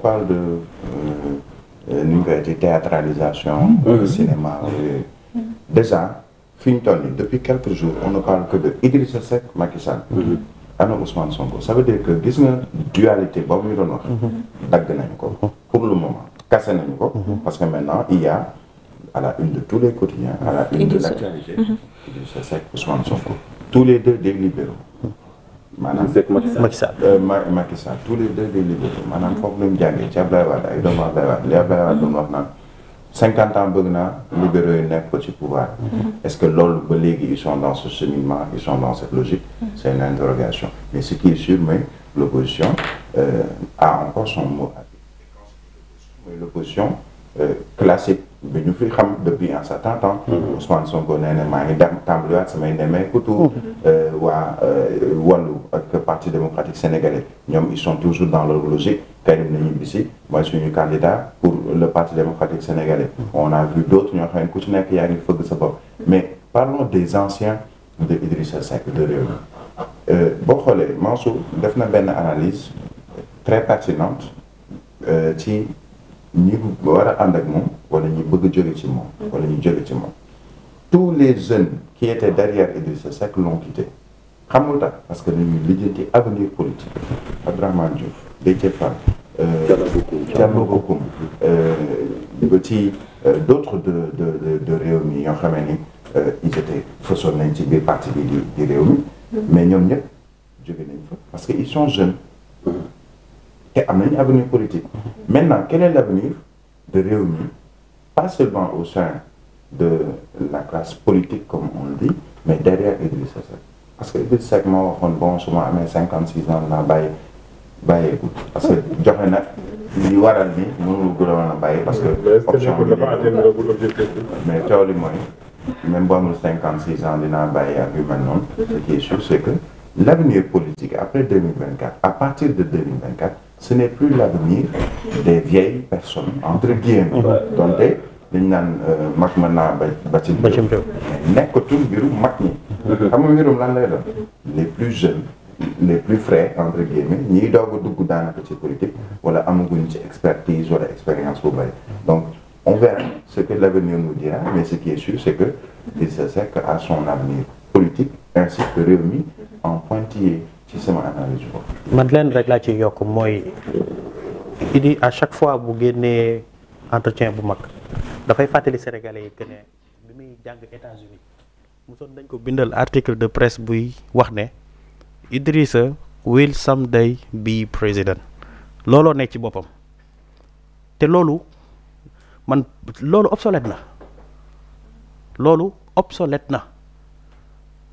parle de nu ñu koy waxee théâtralisation. Mmh. mmh. cinéma mmh. déjà fi ñu toll nii depuis quelques jours on ne parle que de Idrissa Seck Macky Sall. Mmh. ana Ousmane Sonko ça veut dire que gis nga dualité boobu ñu doon wax. dagg nañ ko pour le moment kase nañ ko. parce que maintenant il y a à la une de tous les quotidiens à la une de l'actualité Idrissa Seck Ousmane Sonko tous les deux des maanaam fekk Macky Sall euh, Macky Sall tous les deux des libéraux maanaam foofu lañu jàngee ci Abdoulaye Wade ay a Abdoulaye Wade li Abdoulaye Wade doon wax naan cinquante ans bëgg naa libéraux yi nekk ko ci pouvoir mm-hmm. est-ce que loolu léegi ils sont dans ce cheminement ils sont dans cette logique mm-hmm. c'est une interrogation mais ce qui est sûr mooy l'opposition euh, a encore son mot à dire mooy l'opposition Euh, classique bi ñu fi xam depuis un certain temps. Mm-hmm. Ousmane Sonko nee na maa ngi dem tàmbaliwaat samay nemmeekutu. Mm-hmm. Euh, waa euh, wàllu ak parti démocratique sénégalais ñoom ils sont toujours dans leur logique Karim nañu bisi mooy suñu candidat pour le parti démocratique sénégalais. Mm-hmm. on a vu d' ñoo xam ne ku ci nekk yaa ngi fëgg sa bopp. mais parlons des anciens de Idrissa Seck de Rewmi. boo xoolee Mansour def na benn analyse très pertinente ci. ñi war a ànd ak moom wala ñu bëgg jóge ci moom mm-hmm. wala ñu jóge ci moom tous les jeunes qui étaient derrière Idrissa Seck l'ont quitté xamul tax parce que dañuy lijjanti avenir politique Abdourahmane Diouf Déthié Fall Thierno euh, Bocoum euh, ba ci euh, d'autres de de de réew mi ñoo xamee ni ils étaient fësoon ci biir parti bi di di réew mi mm-hmm. mais ñoom ñëpp jóge nañ fa parce que ils sont jeunes mm-hmm. te am nañ avenir politique Maintenant, quel est l'avenir de Rewmi, pas seulement au sein de la classe politique comme on dit, mais derrière Idrissa Seck parce que Idrissa Seck moo waxoon bon su ma amee cinquante six ans naa bàyyi bàyyeeku parce que joxe na li waral bi mënul gouvernement bàyyi parce que option bi mais coow li mooy même bu amul cinquante six ans dinaa bàyyi ak yu mel ce qui est sûr c'est que l'avenir politique après à partir de 2024 ce n'est plus l'avenir des vieilles personnes entre guillemets donte dañ naan euh, mag man naa ba ba ci nekkatul mbirum mag ñi mhm. xam nga mbirum lan lay doon les plus jeunes les plus frais entre guillemets ñiy doog dugg daanaka ci politique wala amaguñ ci expertise wala expérience bu bëri donc on verra ce que l'avenir nous dira mais ce qui est sûr c'est que Idrissa Seck a son avenir politique ainsi que Rewmi en pointillé ci man leen rek laa ci yokk mooy Idy à chaque fois bu génnee entretien bu mag dafay fàttali sénégalais yi que ne bi muy jàng États-Unis mosoon dañ ko bindal article de presse buy wax ne Idrissa will someday bi president looloo nekk ci boppam te loolu man loolu obsolète na loolu obsolète na.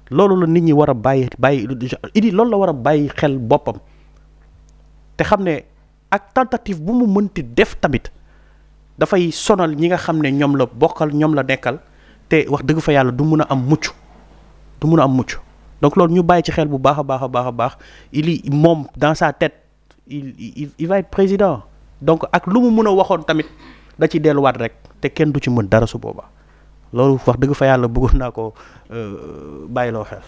loolu la nit ñi war a bàyyi bàyyi idi loolu la war a bàyyi xel boppam te xam ne ak tentative bu mu mënti def tamit dafay sonal ñi nga xam ne ñoom la bokkal ñoom la nekkal te wax dëgg fa yàlla du mun a am mucc du mun a am mucc donc loolu ñu bàyyi ci xel bu baax a baax a baax a baax ili moom dans sa tête il il il va président donc ak lu mu mun a waxoon tamit da ci delluwaat rek te kenn du ci mën dara su boobaa. loolu wax dëgg fa yàlla bëggoon naa ko euh, bàyyiloo xel.